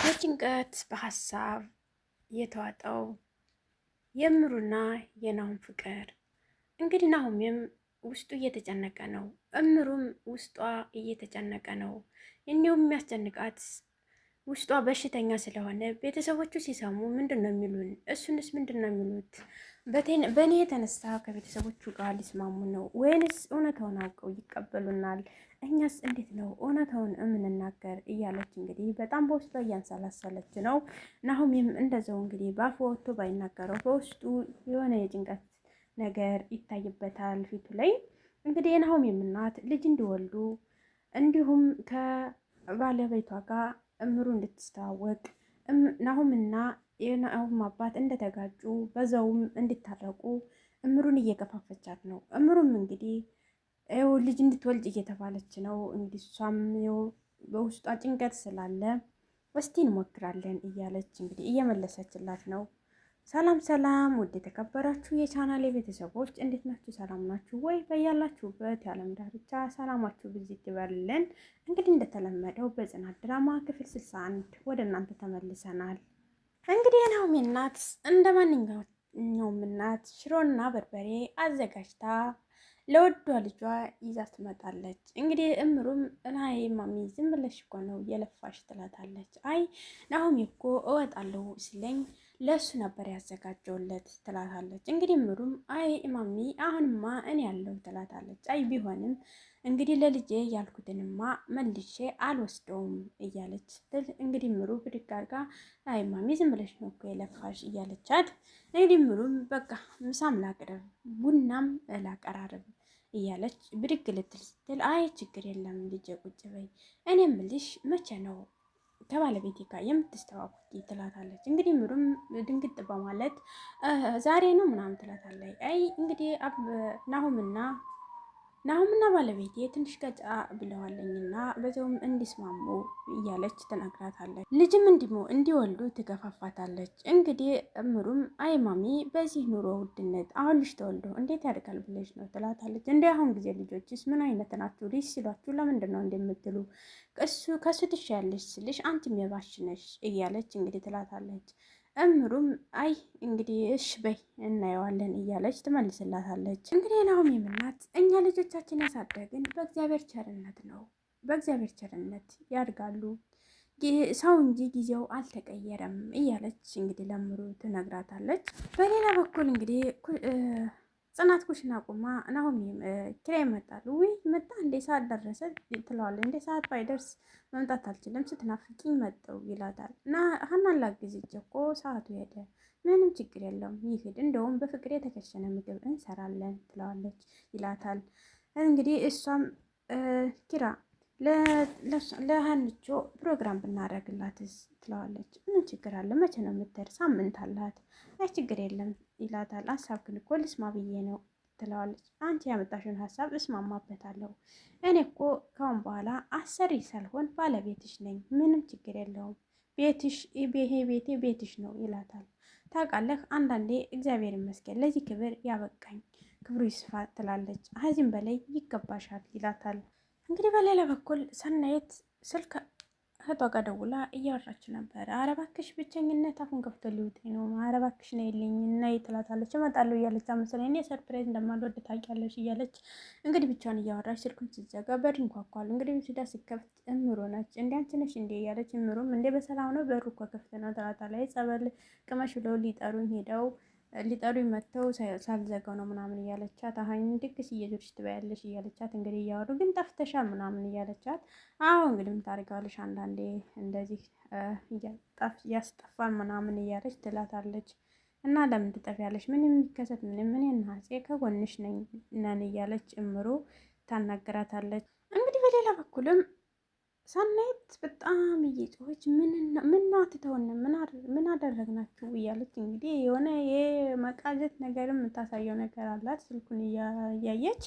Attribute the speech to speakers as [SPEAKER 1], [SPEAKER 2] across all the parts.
[SPEAKER 1] በጭንቀት በሀሳብ የተዋጠው የእምሩና የናሁም ፍቅር እንግዲህ ናሁምም ውስጡ እየተጨነቀ ነው። እምሩም ውስጧ እየተጨነቀ ነው። እንዲሁም የሚያስጨንቃት ውስጧ በሽተኛ ስለሆነ ቤተሰቦቹ ሲሰሙ ምንድን ነው የሚሉን? እሱንስ ምንድን ነው የሚሉት? በእኔ የተነሳ ከቤተሰቦቹ ጋር ሊስማሙ ነው ወይንስ እውነታውን አውቀው ይቀበሉናል? እኛስ እንዴት ነው እውነታውን የምንናገር? እያለች እንግዲህ በጣም በውስጧ እያንሰላሰለች ነው። ናሁሚም እንደዛው እንግዲህ በአፉ ወጥቶ ባይናገረው በውስጡ የሆነ የጭንቀት ነገር ይታይበታል ፊቱ ላይ። እንግዲህ የናሁሚም እናት ልጅ እንዲወልዱ እንዲሁም ከባለቤቷ ጋር እምሩ እንድትስተዋወቅ ናሁምና የናሁም አባት እንደተጋጩ በዛውም እንድታረቁ እምሩን እየገፋፈቻት ነው። እምሩም እንግዲህ ይኸው ልጅ እንድትወልጅ እየተባለች ነው። እንግዲህ እሷም በውስጧ ጭንቀት ስላለ እስቲ እንሞክራለን እያለች እንግዲህ እየመለሰችላት ነው። ሰላም ሰላም ውድ የተከበራችሁ የቻናሌ ቤተሰቦች እንዴት ናችሁ? ሰላም ናችሁ ወይ? በያላችሁበት የዓለም ዳርቻ ሰላማችሁ ብዝት ይበልልን። እንግዲህ እንደተለመደው በጽናት ድራማ ክፍል 61 ወደ እናንተ ተመልሰናል። እንግዲህ የናሆም እናት እንደ ማንኛውም እናት ሽሮና በርበሬ አዘጋጅታ ለወዷ ልጇ ይዛ ትመጣለች። እንግዲህ እምሩም ናይ ማሚ ዝም ብለሽ እኮ ነው የለፋሽ ትላታለች። አይ ናሆም እኮ እወጣለሁ ሲለኝ ለእሱ ነበር ያዘጋጀውለት ትላታለች። እንግዲህ ምሩም አይ እማሚ አሁንማ እኔ ያለው ትላታለች። አይ ቢሆንም እንግዲህ ለልጄ ያልኩትንማ መልሼ አልወስደውም እያለች ስትል እንግዲህ ምሩ ብድግ አድርጋ አይ እማሚ ዝም ብለሽ ነው እኮ የለፋሽ እያለቻት እንግዲህ ምሩም በቃ ምሳም ላቅርብ ቡናም ላቀራርብ እያለች ብድግ ልትል ስትል አይ ችግር የለም ልጄ ቁጭ በይ እኔ ምልሽ መቼ ነው ከባለቤቴ ጋር የምትስተዋወቂ ትላታለች። እንግዲህ ምሩም ድንግጥ በማለት ዛሬ ነው ምናምን ትላታለች። አይ እንግዲህ ናሁምና ናሁምና ባለቤት የትንሽ ቀጫ ብለዋለኝና በዚውም እንዲስማሙ እያለች ትነግራታለች። ልጅም እንዲሞ እንዲወልዱ ትገፋፋታለች። እንግዲህ እምሩም አይ ማሚ፣ በዚህ ኑሮ ውድነት አሁን ልጅ ተወልዶ እንዴት ያደርጋል ብለች ነው ትላታለች። እንደ አሁን ጊዜ ልጆችስ ምን አይነት ናችሁ? ልጅ ሲሏችሁ ለምንድን ነው እንደምትሉ እሱ ከሱ ትሻያለሽ ስልሽ አንቺም የባሽ ነሽ እያለች እንግዲህ ትላታለች። እምሩም አይ እንግዲህ እሽ በይ እናየዋለን እያለች ትመልስላታለች። እንግዲህ ናሆም የምናት እኛ ልጆቻችን ያሳደግን በእግዚአብሔር ቸርነት ነው፣ በእግዚአብሔር ቸርነት ያድጋሉ ሰው እንጂ ጊዜው አልተቀየረም እያለች እንግዲህ ለምሩ ትነግራታለች። በሌላ በኩል እንግዲህ ጽናት ኩሽና ቁማ ናሆም ኪራይ ይመጣሉ። ውይ መጣ እንዴ ሰዓት ደረሰ ትለዋለች። እንዴ ሰዓት ባይደርስ መምጣት አልችልም ስትናፍቂኝ መጠው ይላታል። እና ሀናላ ጊዜ እኮ ሰዓቱ ሄደ። ምንም ችግር የለውም ይሄድ፣ እንደውም በፍቅር የተከሸነ ምግብ እንሰራለን ትለዋለች ይላታል። እንግዲህ እሷም ኪራ ለሀንቾ ፕሮግራም ብናደርግላትስ ትለዋለች። ምን ችግር አለ? መቼ ነው የምትሄድ? ሳምንት አላት። አይ ችግር የለም ይላታል። ሀሳብ ግን እኮ ልስማ ብዬ ነው ትለዋለች። አንቺ ያመጣሽውን ሀሳብ እስማማበታለሁ። እኔ እኮ ካሁን በኋላ አሰሪ ሳልሆን ባለቤትሽ ነኝ። ምንም ችግር የለውም። ቤትሽ ይሄ ቤቴ ቤትሽ ነው ይላታል። ታውቃለህ አንዳንዴ እግዚአብሔር ይመስገን ለዚህ ክብር ያበቃኝ፣ ክብሩ ይስፋ ትላለች። ከዚህም በላይ ይገባሻል ይላታል። እንግዲህ በሌላ በኩል ሰናይት ስልክ እህቷ ጋር ደውላ እያወራች ነበረ። አረባክሽ ብቸኝነት አሁን ገብቶ ሊውጠኝ ነው፣ አረባክሽ ነው የለኝ እና ትላታለች። እመጣለሁ እያለች አመስለኝ እኔ ሰርፕራይዝ እንደማልወድ ታውቂያለሽ እያለች እንግዲህ ብቻዋን እያወራች ስልኩን ስትዘጋ በር ይንኳኳል። እንግዲህ ሲዳ ሲከፍት እምሮ ነች። እንዲ አንቺ ነሽ እንዲ እያለች እምሮም እንዴ በሰላም ነው በሩ እኮ ክፍት ነው ትላታለች። ጸበል ቅመሽ ብለው ሊጠሩኝ ሄደው ሊጠሩ መጥተው ሳልዘጋው ነው ምናምን እያለቻት አሀኝ ድግስ እየዞርሽ ትበያለሽ እያለቻት እንግዲህ እያወሩ ግን ጠፍተሻል ምናምን እያለቻት አሁ እንግዲህ ምታደርጋለሽ አንዳንዴ እንደዚህ ያስጠፋል ምናምን እያለች ትላታለች። እና ለምን ትጠፊያለሽ? ምን የሚከሰት ምንም ምን አፄ ከጎንሽ ነን እያለች ጭምሩ ታናግራታለች። እንግዲህ በሌላ በኩልም ሰናይት በጣም እየጮኸች ምን አትተውን ምን አደረግናችሁ እያለች እንግዲህ የሆነ የመቃጀት ነገርም የምታሳየው ነገር አላት። ስልኩን እያየች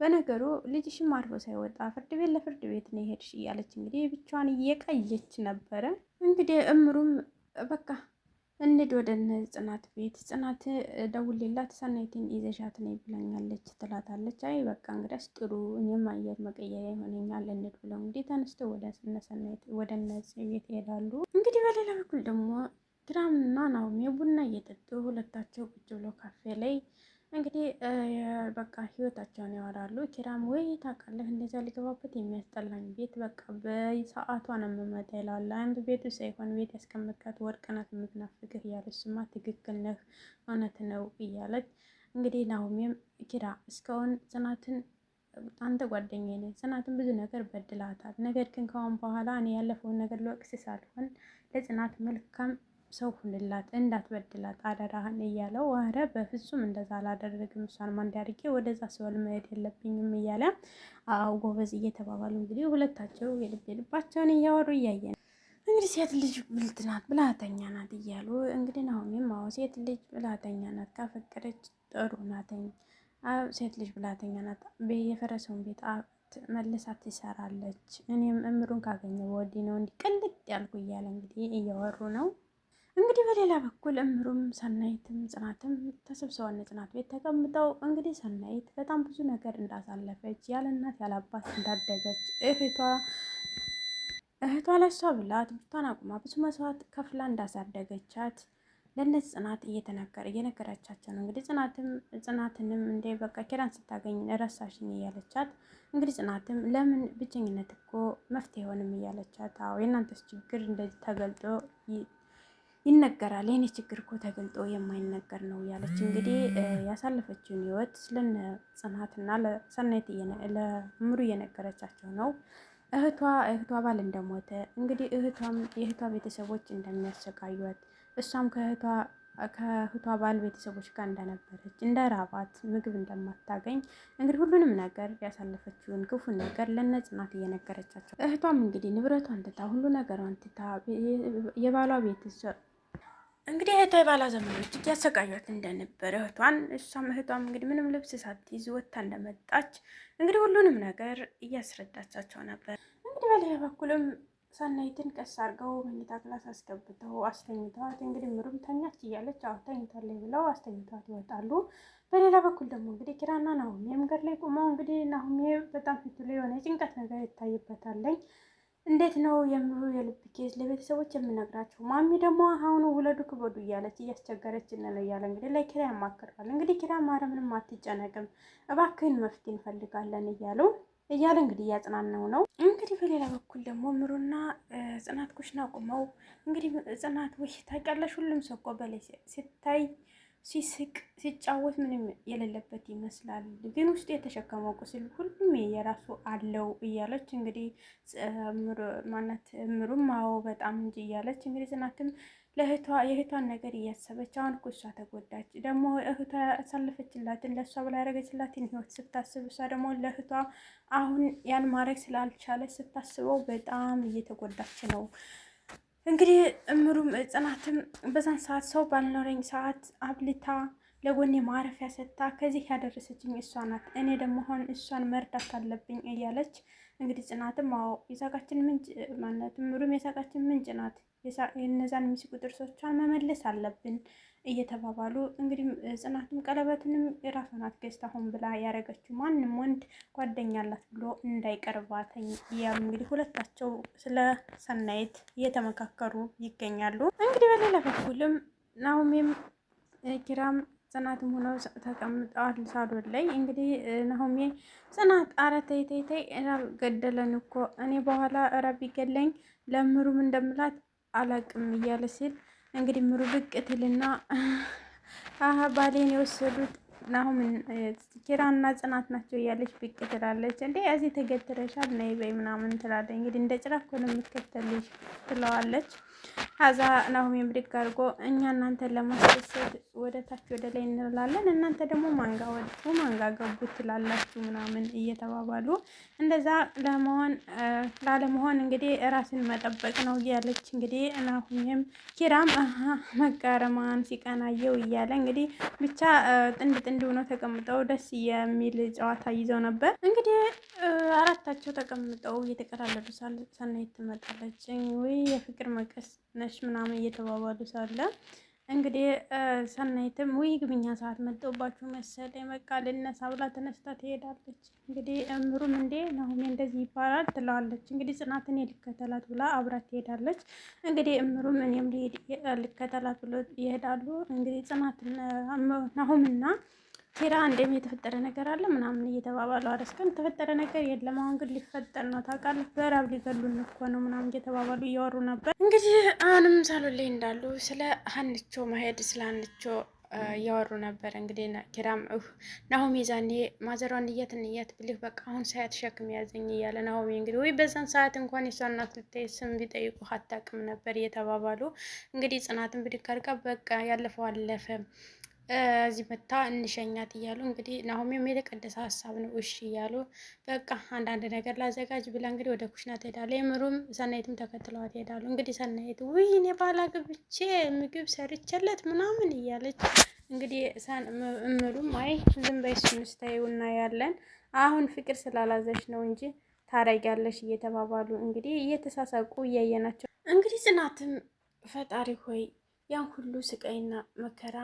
[SPEAKER 1] በነገሩ ልጅሽም አርፎ ሳይወጣ ፍርድ ቤት ለፍርድ ቤት ነው የሄድሽ እያለች እንግዲህ ብቻዋን እየቀየች ነበረ። እንግዲህ እምሩም በቃ እንሂድ ወደ እነ ጽናት ቤት። ጽናት ደውሌላት ሰናይትን ይዘሻት ነይ ብለኛለች ትላታለች። አይ በቃ እንግዲያስ ጥሩ እኔም አየር መቀየሪያ ይሆነኛል እንሂድ ብለው እንግዲህ ተነስተው ወደ እነ ሰናይት ወደ እነ ቤት ይሄዳሉ። እንግዲህ በሌላ በኩል ደግሞ ኪራምና ናሆም ቡና እየጠጡ ሁለታቸው ቁጭ ብለው ካፌ ላይ እንግዲህ በቃ ህይወታቸውን ያወራሉ። ኪራም ወይ ታውቃለህ፣ እንደዚያ ሊገባበት የሚያስጠላኝ ቤት በቃ በሰዓቷ ነው የምመጣ ይላል። አንድ ቤቱ ሳይሆን ቤት ያስቀመጥካት ወርቅ ናት የምትናፍቅህ እያለች ስማ፣ ትክክል ነህ፣ እውነት ነው እያለች እንግዲህ ናሁሜም ኪራ እስካሁን ጽናትን አንተ ጓደኛ ነ ጽናትን ብዙ ነገር በድላታል። ነገር ግን ከአሁን በኋላ እኔ ያለፈውን ነገር ልወቅስ ሳልሆን ለጽናት መልካም ሰው ሁንላት እንዳትበድላት አደራህን እያለው፣ ኧረ በፍጹም እንደዛ አላደረግም እሷን ማንዳርጌ ወደዛ ሲኦል መሄድ የለብኝም እያለ አዎ ጎበዝ እየተባባሉ እንግዲህ ሁለታቸው የልብ የልባቸውን እያወሩ እያየን እንግዲህ ሴት ልጅ ብልጥ ናት ብልሃተኛ ናት እያሉ እንግዲህ አሁንም አዎ ሴት ልጅ ብልሃተኛ ናት ካፈቀደች ጥሩ ናተኝ ሴት ልጅ ብላተኛ ናት የፈረሰውን ቤት መልሳ ትሰራለች። እኔም እምሩን ካገኘ ወዲህ ነው እንዲህ ቅልጥ ያልኩ እያለ እንግዲህ እየወሩ ነው። እንግዲህ በሌላ በኩል እምሩም ሰናይትም ጽናትም ተሰብስበው ጽናት ቤት ተቀምጠው እንግዲህ ሰናይት በጣም ብዙ ነገር እንዳሳለፈች ያለ እናት ያለ አባት እንዳደገች እህቷ እህቷ ለሷ ብላ ትምህርቷን አቁማ ብዙ መስዋዕት ከፍላ እንዳሳደገቻት ለነት ጽናት እየተነገረ እየነገረቻቸው ነው። እንግዲህ ጽናትም ጽናትንም እንደ በቃ ኪራን ስታገኝ ረሳሽኝ እያለቻት እንግዲህ ጽናትም ለምን ብቸኝነት እኮ መፍትሄ ሆንም እያለቻት አዎ የእናንተስ ችግር እንደዚህ ተገልጦ ይነገራል። ይህን ችግር እኮ ተገልጦ የማይነገር ነው ያለች እንግዲህ ያሳለፈችውን ህይወት ስለነ ጽናትና ለሰናይት ለምሩ እየነገረቻቸው ነው። እህቷ እህቷ ባል እንደሞተ እንግዲህ እህቷም የእህቷ ቤተሰቦች እንደሚያሰቃዩት እሷም ከእህቷ ከእህቷ ባል ቤተሰቦች ጋር እንደነበረች እንደ ራባት ምግብ እንደማታገኝ እንግዲህ ሁሉንም ነገር ያሳለፈችውን ክፉን ነገር ለነ ጽናት እየነገረቻቸው እህቷም እንግዲህ ንብረቷን ትታ ሁሉ ነገሯን ትታ የባሏ ቤተሰብ እንግዲህ እህቷ የባላ ዘመኖች እያሰቃያት እንደነበረ እህቷን እሷም እህቷም እንግዲህ ምንም ልብስ ሳትይዝ ወታ እንደመጣች እንግዲህ ሁሉንም ነገር እያስረዳቻቸው ነበር። እንግዲህ በሌላ በኩልም ሰናይትን ቀስ አድርገው መኝታ ክላስ አስገብተው አስተኝተዋት እንግዲህ ምሩም ተኛች እያለች አዎ ተኝታለች ብለው አስተኝተዋት ይወጣሉ። በሌላ በኩል ደግሞ እንግዲህ ኪራና ናሁሜ መንገድ ላይ ቁመው እንግዲህ ናሁሜ በጣም ፊቱ ላይ የሆነ የጭንቀት ነገር ይታይበታለኝ እንዴት ነው የምሩ የልብ ኬዝ ለቤተሰቦች የምነግራቸው። ማሚ ደግሞ አሁኑ ውለዱ ክበዱ እያለች እያስቸገረች ነው እያለ እንግዲህ ላይ ኪራ እንግዲህ ኪራ ማረ ምንም አትጨነቅም፣ እባክህን መፍትሄ እንፈልጋለን እያሉ እያለ እንግዲህ እያጽናነው ነው። እንግዲህ በሌላ በኩል ደግሞ ምሩና ጽናት ኩሽና ቁመው እንግዲህ ጽናት ውይ ታውቂያለሽ፣ ሁሉም ሰው እኮ በላይ ሲታይ ሲስቅ ሲጫወት ምንም የሌለበት ይመስላል፣ ግን ውስጥ የተሸከመው ቁስል ሁሉም የራሱ አለው እያለች እንግዲህ ማነት እምሩም አዎ በጣም እንጂ እያለች እንግዲህ ጽናትም ለእህቷ የእህቷን ነገር እያሰበች አሁን እኮ እሷ ተጎዳች፣ ደግሞ እህቷ ያሳለፈችላትን ለእሷ ብላ ያደረገችላትን ህይወት ስታስብ እሷ ደግሞ ለእህቷ አሁን ያን ማድረግ ስላልቻለች ስታስበው በጣም እየተጎዳች ነው። እንግዲህ እምሩም ጽናትም በዛን ሰዓት ሰው ባልኖረኝ ሰዓት አብልታ ለጎኔ ማረፊያ ሰጥታ ከዚህ ያደረሰችኝ እሷ ናት፣ እኔ ደግሞ አሁን እሷን መርዳት አለብኝ እያለች እንግዲህ ጽናትም አዎ የሳቃችን ምንጭ ማለት ምሩም የሳቃችን ምንጭ ናት፣ የነዛን ምስቁጥር ሰዎቿን መመለስ አለብን እየተባባሉ እንግዲህ ጽናትም ቀለበትንም የራሷ ናት ገዝታ ሆን ብላ ያደረገችው ማንም ወንድ ጓደኛ አላት ብሎ እንዳይቀርባት እያሉ እንግዲህ ሁለታቸው ስለ ሰናይት እየተመካከሩ ይገኛሉ። እንግዲህ በሌላ በኩልም ናሁሜም ኪራም ጽናትም ሆነው ተቀምጠዋል ሳሎን ላይ። እንግዲህ ናሆሜ ጽናት አረ ተይ ተይ ተይ ገደለን እኮ እኔ በኋላ ራብ ቢገለኝ ለምሩም እንደምላት አላቅም እያለ ሲል እንግዲህ ምሩ ብቅ ትልና አሀ ባሌን የወሰዱት ናሁም ኪራና ጽናት ናቸው እያለች ብቅ ትላለች። እንዴ እዚህ ተገትረሻል ነይ በይ ምናምን ትላለች። እንግዲህ እንደ ጭራ እኮ ነው የምትከተልሽ ትለዋለች። አዛ ናሁሜን ብድግ አድርጎ እኛ እናንተን ለማስደሰት ወደ ታች ወደ ላይ እንላለን፣ እናንተ ደግሞ ማንጋ ወጡ ማንጋ ገቡ ትላላችሁ ምናምን እየተባባሉ እንደዛ ለመሆን ላለመሆን እንግዲህ ራስን መጠበቅ ነው እያለች እንግዲህ ናሁሜም ኪራም መጋረማን ሲቀናየው እያለ እንግዲህ ብቻ ጥንድ ጥንድ ሆነው ተቀምጠው ደስ የሚል ጨዋታ ይዘው ነበር። እንግዲህ አራታቸው ተቀምጠው እየተቀላለዱ ሳናይት ትመጣለች ወይ የፍቅር መቀስ ነሽ ምናምን እየተባባሉ ሳለ እንግዲህ ሰናይትም ውይ ግብኛ ሰዓት መጠውባችሁ መሰለኝ በቃ ልነሳ ብላ ተነስታ ትሄዳለች። እንግዲህ እምሩም እንዴ ናሁሜ እንደዚህ ይባላል ትለዋለች። እንግዲህ ጽናትን ልከተላት ብላ አብራ ትሄዳለች። እንግዲህ እምሩም እኔም ልከተላት ብሎ ይሄዳሉ። እንግዲህ ጽናት ናሁምና ኪራ እንደም የተፈጠረ ነገር አለ ምናምን እየተባባሉ አረስከን የተፈጠረ ነገር የለም። አሁን ግን ሊፈጠር ነው ታውቃለህ፣ በራብ ሊገሉን እኮ ነው ምናምን እየተባባሉ እያወሩ ነበር። እንግዲህ አሁንም ሳሎ ላይ እንዳሉ ስለ ሀንቾ መሄድ ስለ ሀንቾ እያወሩ ነበር። እንግዲህ ኪራም ናሆሚ ዛኔ ማዘሯን እያትን እያት ብልህ በቃ አሁን ሳያት ሸክም ያዘኝ እያለ ናሆሚ እንግዲህ ወይ በዛን ሰዓት እንኳን የሷ እናት ልታይ ስም ቢጠይቁ አታውቅም ነበር እየተባባሉ እንግዲህ ጽናትን ብድግ አድርጋ በቃ ያለፈው አለፈ እዚህ መታ እንሸኛት እያሉ እንግዲህ ናሆሜም የተቀደሰ ሀሳብ ነው እሺ እያሉ በቃ አንዳንድ ነገር ላዘጋጅ ብላ እንግዲህ ወደ ኩሽና ትሄዳሉ። የምሩም ሰናይትም ተከትለዋት ይሄዳሉ። እንግዲህ ሰናይት ውይ እኔ ባላ ግብቼ ምግብ ሰርቼለት ምናምን እያለች እንግዲህ እምሩም አይ ዝም በይ እሱን ስታይውና ያለን አሁን ፍቅር ስላላዘች ነው እንጂ ታረጊያለሽ እየተባባሉ እንግዲህ እየተሳሳቁ እያየናቸው እንግዲህ ጽናትም ፈጣሪ ሆይ ያን ሁሉ ስቃይና መከራ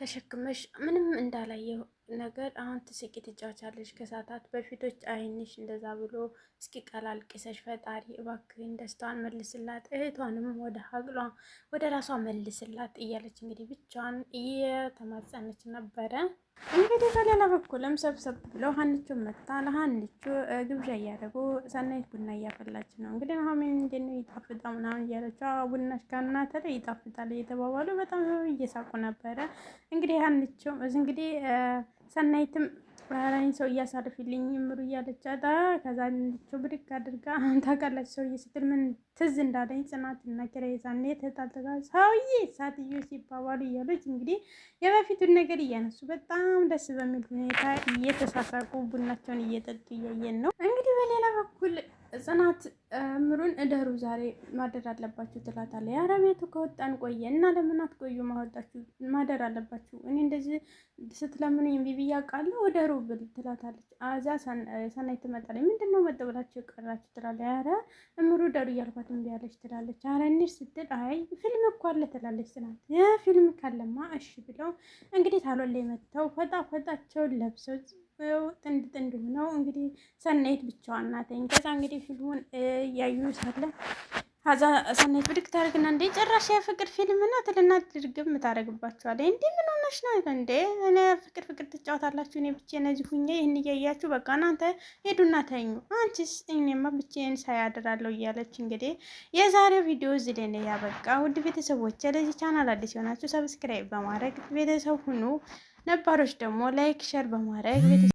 [SPEAKER 1] ተሸክመሽ ምንም እንዳላየው ነገር አሁን ትስቂ ትጫወቻለሽ። ከሰዓታት በፊቶች አይንሽ እንደዛ ብሎ እስኪ ቀላልቅሰሽ ፈጣሪ እባክህን ደስታዋን መልስላት፣ እህቷንም ወደ ሀቅሏ ወደ ራሷ መልስላት እያለች እንግዲህ ብቻዋን እየተማጸነች ነበረ። እንግዲህ በሌላ በኩልም ሰብሰብ ብለው ሀንቹ መታ ለሀንቹ ግብዣ እያደረጉ ሰናይት ቡና እያፈላች ነው። እንግዲህ ኑሐሚን እንዴት ነው ይጣፍጣ ምናምን እያለች ቡናሽ ከእናንተ ተለ ይጣፍጣል እየተባባሉ በጣም እየሳቁ ነበረ። እንግዲህ ሀንቹ እንግዲህ ሰናይትም ባህራኝ ሰው እያሳርፊልኝ ምሩ እያለች ከዛ ልቸው ብድግ አድርጋ ታውቃለች። ሰውዬ ስትል ምን ትዝ እንዳለኝ ጽናት እና ኪራይ ዛኔ ተጣልተጋ ሰውዬ ሳትዮ ሲባባሉ እያለች እንግዲህ የበፊቱን ነገር እያነሱ በጣም ደስ በሚል ሁኔታ እየተሳሳቁ ቡናቸውን እየጠጡ እያየን ነው እንግዲህ በሌላ በኩል ጽናት እምሩን እደሩ ዛሬ ማደር አለባችሁ ትላታለች። ኧረ ቤቱ ከወጣን ቆየ እና ለምን አትቆዩ ማወጣችሁ ማደር አለባችሁ። እኔ እንደዚህ ስትለምኑ እምቢ ብዬ አውቃለሁ እደሩ ብል ትላታለች። አዛ ሰናይ ትመጣለች። ምንድን ነው መጥ ብላችሁ የቀራችሁ ትላለች። ኧረ እምሩ እደሩ እያልኳት እምቢ አለች ትላለች። ኧረ እንሂድ ስትል አይ ፊልም እኮ አለ ትላለች ጽናት። ፊልም ካለማ እሺ ብለው እንግዲህ ታሎላ መጥተው ፈጣ ፈጣቸውን ለብሰው ጥንድ ጥንድ ሆነው እንግዲህ ሰናይት ብቻዋን ናተኝ። ከዛ እንግዲህ ፊልሙን እያዩ ሳለ ከዛ ሰናይት ብድግ ታደርግና እንደ ጭራሽ የፍቅር ፊልም እና ትልና ድርግም ታደርግባቸዋለች። እንዲህ ምን ሆነሽ ነው እንዴ? እኔ ፍቅር ፍቅር ትጫወታላችሁ፣ እኔ ብቻዬን እዚህ ሁኜ ይህን እያያችሁ በቃ እናንተ ሄዱና ተኙ፣ አንቺስ እኔማ ብቻዬን ሳያድራለሁ እያለች እንግዲህ የዛሬው ቪዲዮ እዚህ ላይ ነው ያበቃ። ውድ ቤተሰቦች ለዚህ ቻናል አዲስ የሆናችሁ ሰብስክራይብ በማድረግ ቤተሰብ ሁኑ። ነባሮች ደግሞ ላይክ ሸር በማድረግ